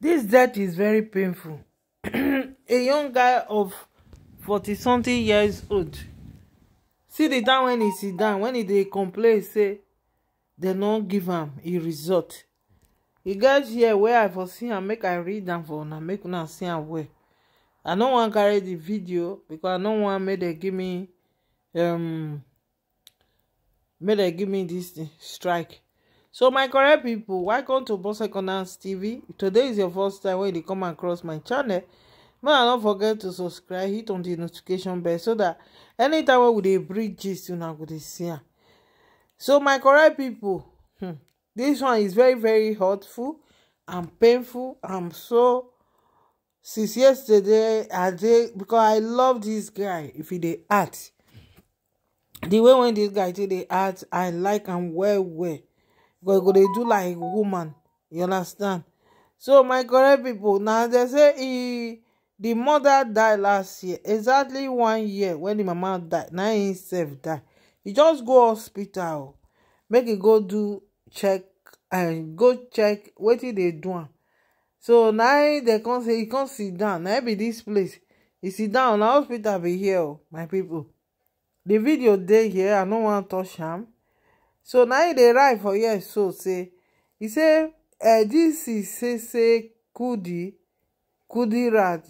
This death is very painful. A young guy of 40 something years old. See the time when he sit down, when he dey complain, say dem no give am a result. E get here where I for see am, make I read am for una, make una see am well. I no wan carry the video because I no wan make dem give me um make dem give me this thing strike so my correct people, welcome to Boss Secondhand tv today is your first time when you come across my channel may i not forget to subscribe hit on the notification bell so that anytime wey we dey bring you know, go dey see so my correct people, hmm, this one is very very hurtful and painful I'm so since yesterday i dey because i love this guy if he dey art, the way when this guy take dey act i like am well well Go go dey do like woman you understand so my correct people na dem say e di mother die last year exactly one year when di mama die na im sef die e just go hospital make he go do check and um, go check wetin dey do am so na im dem come say e come sit down na be this place He sit down na hospital be here o oh, my people. di video dey here i no wan touch am so now he dey write for here so say he say "Uh, this is say say kudi kudirat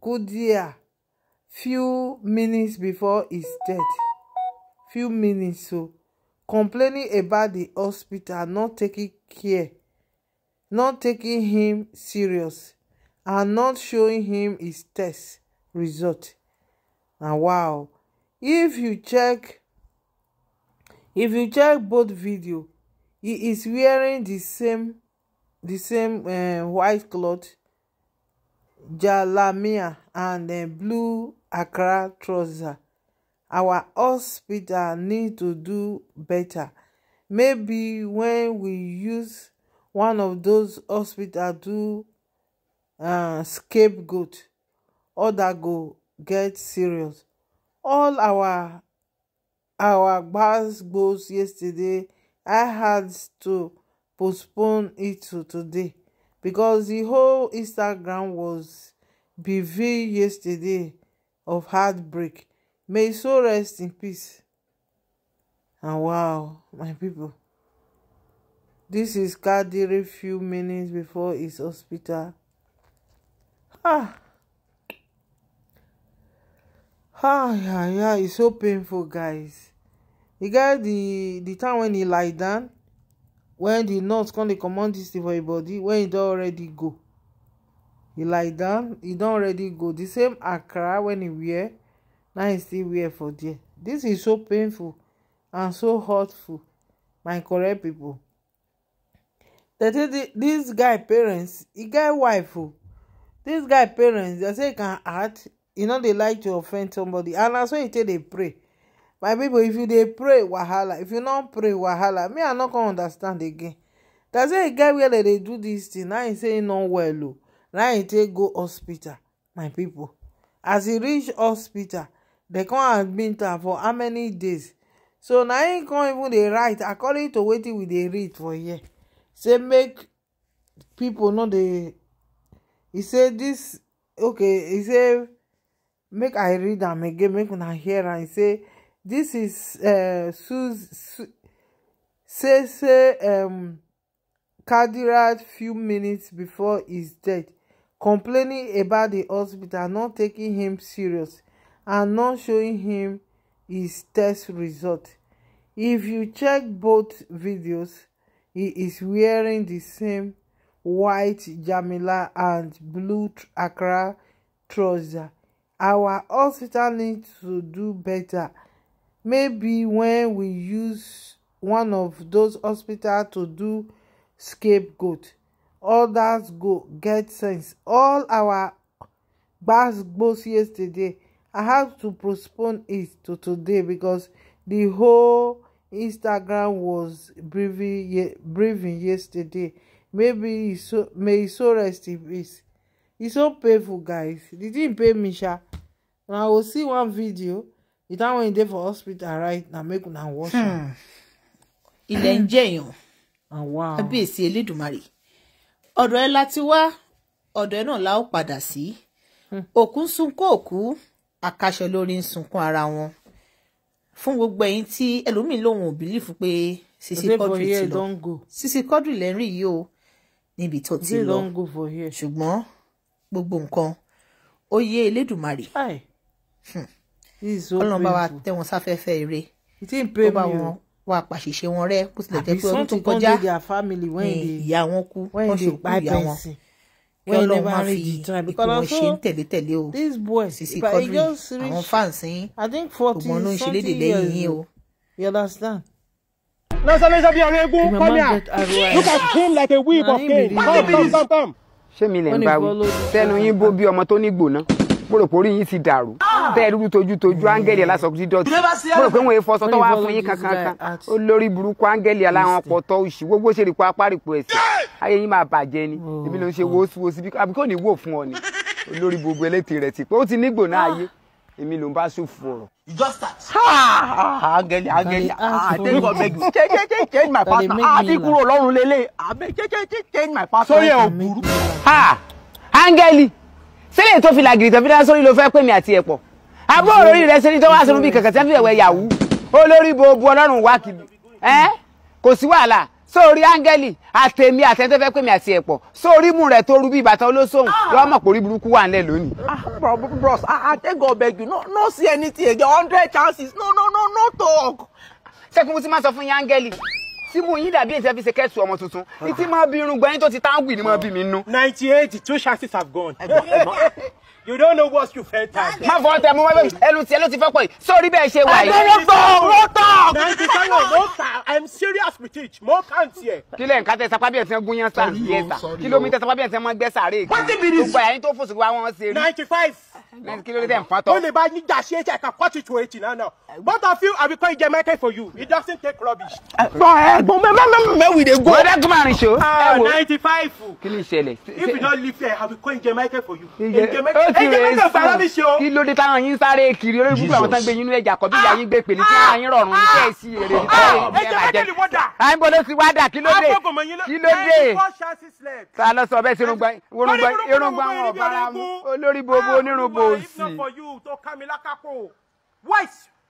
kudia few minutes before his death few minutes so complaining about the hospital not taking care not taking him serious and not showing him his test result and wow if you check if you check both video he is wearing the same the same uh, white cloth jalamiya and uh, blue accra trouser our hospital need to do better maybe when we use one of those hospital do uh, scapegoat other go get serious all our our bus goes yesterday, I had to postpone it to today because the whole Instagram was bereaved yesterday of heartbreak. May so rest in peace. And wow, my people. This is Kadiri few minutes before his hospital. Ah. Ah, yeah, yeah, it's so painful, guys. e get the the time when he lie down when di nurse come dey comot dis thing for im body wen e don already go He lie down he don already go The same akara when he wear na e still wear for there This is so painful and so hurtful my correct pipo tey this guy parents he get wife o dis guy parents dem say e can act e no dey like to offend somebody and na so he take dey pray my people, if you dey pray wahala if you not pray wahala me i no come understand again dem say e get where dem dey do this. thing now he say he no well o oh. na e take go hospital my people, as he reach hospital they come admit am for how many days so na im come even dey write according to wetin we dey read for here say make people no dey He say this okay He say make i read am again make una hear am he say this is uh, eh, Sus Sese um, Kadirat few minutes before his death, complaining about the hospital not taking him serious and not showing him his test result. If you check both videos, he is wearing the same white Jamila and blue Accra trouser. Our hospital needs to do better maybe when we use one of those hospital to do scapegoat others go get sense all our gbasgbos yesterday i have to postpone it to today because the whole instagram was breathing ye breathing yesterday maybe so may he so rest in peace e so painful guys the thing pay, me sha una go see one video the time when dey for hospital right na make una wash am. Hmm. ilẹ̀ ń jẹ́ èèyàn kábíyèsí ah, elédùnmarè ọ̀dọ̀ ẹ la ti wá ọ̀dọ̀ ẹ náà la ó padà sí hmm. òkú ń sunkún òkú àkàṣọ lórí ń sunkún ara wọn fún gbogbo ẹ̀yin tí ẹlòmíín lòun ò bìlífù pé Sisi Quadri ti lọ Sisi Quadri lẹ́rìn yìí o níbi tó ti lọ ṣùgbọ́n gbogbo nǹkan ó yé Elédùmarè ọlọ́run bá wa tẹ́ wọn sáfẹ́fẹ́ eré tó bá wọn wà pàṣìṣe wọn rẹ bó tilẹ̀ jẹ́ pé ọdún tó kọjá ìyá wọn kú wọ́n ṣe kú ìyá wọn kí ọlọ́run máa fi ipò wọn ṣe ń tẹ̀lé tẹ̀lé o Sisi Quadri àwọn fáǹsì ògbọ́n ló ń ṣe léde lẹ́yìn yín o. You understand? Now, so let's have Look at him like a whip of cane. Come, come, come, Ṣé mi lè ń báwí? Tẹnu yín bó bí ọmọ tó ní gbóná. Mo rò pé orí yín ti dàrú bẹ́ẹ̀ rúru tojútojú áńgẹ́lì alásọ̀kùsí dọ̀tí mo rò pé wọ́n yẹ fọṣọ tó wá fún yín kankan kan olórí burúkú áńgẹ́lì aláwọn pọ̀tọ́ òṣì gbogbo ṣe rìpọ̀ apárìpọ̀ ẹ̀sìn ayé yín máa bàjẹ́ ni oh. èmi ló ń ṣe wóṣù wóṣù bí àbíkó ní wò fún ọ ni olórí gbogbo ẹlẹ́tì rẹ̀ ti pé ó ti nígbò náà ah. ayé èmi ló ń bá ṣòfò ọ̀rọ̀. you just start. áńgẹ́lì áńgẹ́lì ah, take one make you change change change my partner àti ah, kúrò lọ́rùn lélẹ̀ abeg change change change my partner. sórí ẹ̀ ò burú. áńgẹ́lì sílẹ̀ tó fi làgìrì tó fi dá sórí ló fẹ́ pè mí àti ẹ̀ pọ̀ abọ́ olórí rẹ̀ ṣe ní tọ́wọ́ aṣọ bí kankan tí wọ́n fi ẹ̀wẹ̀ yàwú olórí bo bu ọlọ́run wá kiri ẹ́ kò sí wàhálà sórí áńgẹ́lì àtẹ̀mí àtẹ̀tẹ̀fẹ́ pèmí àti ẹ̀pọ̀ sórí mú rẹ̀ tó rú bí ìbátan olóṣòwò lọ́wọ́ mọ̀ pórí burúkú wà nílẹ̀ lónìí. Ah, bros I thank God beg you no no see anything again hundred chances no no no no talk. sẹ́kùn tí máa sọ fún yín áńgẹ́lì tí mo yín dàbí ètò ẹ fi ṣe kẹ́sù ọmọ tuntun ní tí máa bí irun gbẹ́yìn tó ti táǹgì ni máa bí mi nú. ninety eight two chances have gone. you don't know what you fẹ́ ta. má fọ tẹ mo wá bẹ́ẹ̀ ẹnu tiẹ̀ ló ti fẹ́ pọ̀ yìí sórí bẹ́ẹ̀ ṣe wà yìí. ẹgbẹ́rún gbọ́ mo tọ̀. ninety seven mo kà i'm serious with it mo kàn tiẹ̀. kí lẹ́yìn kátẹ́ sapá bí ẹ̀sìn gúnyán sàn yẹ sà kìlómítà sapá bí ẹ̀sìn mọ́ gbẹ́ sàárè kí gbogbo ẹ̀yìn tó fòsùn wá wọn ṣe ninety five. kí ló dé tẹ̀ ń fọ́n tọ́. ó lè bá yín jà sí ètò ẹ̀ka kọ́tì tó ètì both of you i will call ijemeke for you it doesn't take rubbish. for uh, but my man, mẹ man, we the go. wẹ́dẹ́ gbọ́n àrùn ṣo. ah ninety five. Can you ni it? if you don't live here i will call ijemeke for you. Okay, He on Instagram. ijemeke ijemeke for rubbish o. Oh. kí ló dé táwọn yín sáré kiri olórí búburú àwọn tán gbé yín nílẹ̀ jàkọ́ bí ìyá yín gbé pèlè tí wọ́n yín rọrùn ní kẹ́ ẹ̀ sí èrè ní kẹ́ ẹ̀ bàjẹ́. à ń bolo sí wádà kí ló dé ah, kí ló dé. ta ló sọ bẹ́ẹ̀ sí irungba wọn ọ̀bára olórí bobo ah, onírúgbò òsì. why